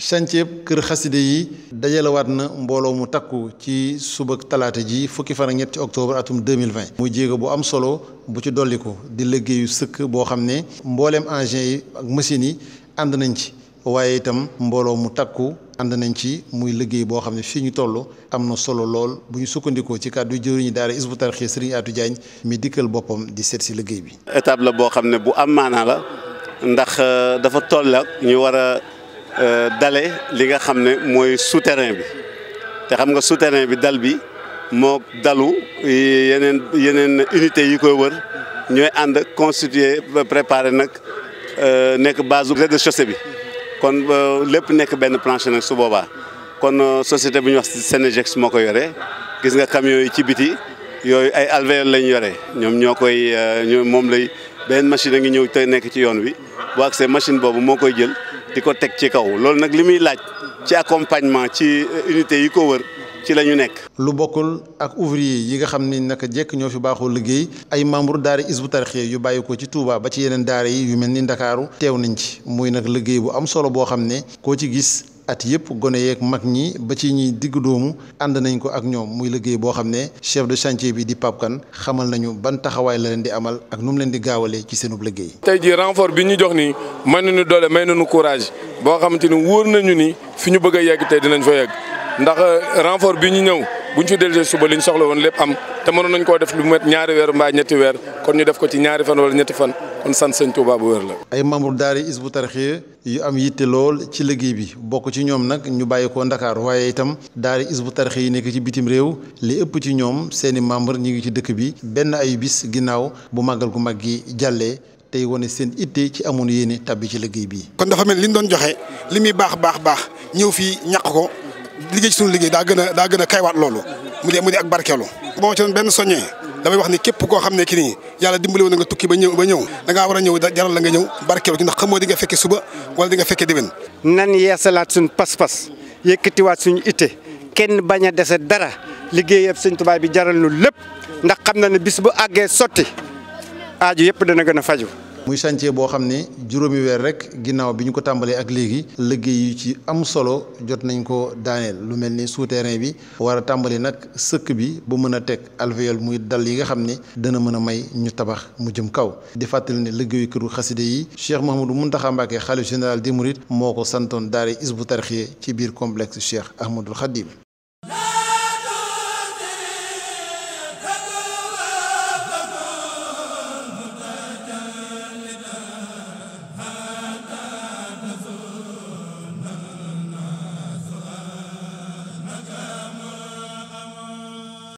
chantier kër xaside yi dajalewaat na mbooloo mu takku ci suba talaata ji fukki fan ñetti ñett ci octobre atum 2020 muy jéego bu am solo bu ci dolliku di liggéeyu sëkk boo xam ne mbooleem engins yi ak machines yi ànd nañ ci waaye itam mbooloo mu takku ànd nañ ci muy liggéey boo xam ne fii ñu toll am na solo lool bu ñu sukkandikoo ci kàddu jëriñu daara Hizbut Tarqiyyah Serigne Atou Diagne mi dikkal boppam di seet si liggéey bi. étape la boo xam ne bu am maanaa la euh, Euh, dale li nga xam ne mooy souterrain bi te xam nga souterrain bi dal bi moo dalu yeneen yeneen unité yi koy wër ñooy ànd constitué préparé nag euh, nekk base rez-de-chaussée bi kon euh, lépp nekk benn plancher nag su boobaa kon société bu seen wax Sénégex moo ko yore gis nga camions yi ci biti yooyu ay alvéoles lañ yore ñoom ñoo koy ñoom moom lay benn machine a ngi ñëw te nekk ci yoon wi boo agsee machine boobu moo koy jël di ko teg ci kaw loolu nag li muy laaj ci accompagnement ci euh, unité yi ko wër ci la ñu nekk. lu bokkul ak ouvrier yi nga xam ni naka jekk ñoo fi baaxoo liggéey ay membre daara isbu tarxiya yu bàyyi ko ci tuuba ba ci yeneen daara yi yu mel ni Ndakaaru teew nañ ci muy nag liggéey bu am solo boo xam ne koo ci gis. at yëpp gone yeeg mag ñi ba ci ñi diggu doomu ànd nañ ko ak ñoom muy liggéey boo xam ne chef de chantier bi di Pape Kane xamal nañu ban taxawaay la leen di amal ak nu mu leen di gaawalee ci seenub liggéey. tey jii renfort bi ñu jox nii may nañu doole may nañu courage boo xamante ni wóor nañu ni fi ñu bëgg a yegg tey dinañ fa yegg ndax euh, renfort bi ñu ñëw buñ ci dellusee suba liñ soxla woon lépp am te mënoon nañ koo def lu met ñaari weer mbaa ñetti weer kon ñu ko kon sant sëñ Touba bu wér la. ay membre daari Hizbut Tarqiyyah yu am yitte lool ci liggéey bi bokk ci ñoom nag ñu bàyyi ko Ndakaar waaye itam daari Hizbut tarix yi nekk ci bitim réew li ëpp ci ñoom seeni membre ñu ngi ci dëkk bi benn ay bis ginnaaw bu màggal gu mag gi jàllee tey wane seen itte ci amoon yéene tàbbi ci liggéey bi. kon dafa mel li ñu doon joxe li muy baax baax baax ñëw fii ñàq ko liggéey ci suñu liggéey daa gën a daa gën a kaywaat loolu mu dee mu dee ak barkeelu. damay wax ni képp koo xam ne ki nii yàlla dimbali woon na nga tukki ba ñëw ba ñëw da ngaa war a ñëw jaral la nga ñëw barkeelu ci ndax xamoo di nga fekke suba wala di nga fekke déwén nan yeesalaat suñ pas-pas yëkkatiwaat suñu itte kenn bañ a dese dara liggéey yëpp sëñ tubaay bi jaral nu lépp ndax xam na ne bis ba àggee sotti aaju yëpp dana gën a faju muy chantier boo xam ne juróomi weer rek ginnaaw bi ñu ko tàmbalee ak léegi liggéey ci am solo jot nañu ko daaneel lu mel ni souterrain bi war a tàmbali nag sëkk bi ba mën a teg alvéole muy dal yi nga xam ne dana mën a may ñu tabax mu jëm kaw di fàttali ne liggéeyu këru xaside yi Cheikh Mouhamadou Mountakha Mbacké xalif général des mourides moo ko santoon daare Hizbut Tarqiyyah ci biir complexe Cheikh Ahmadoul Khadim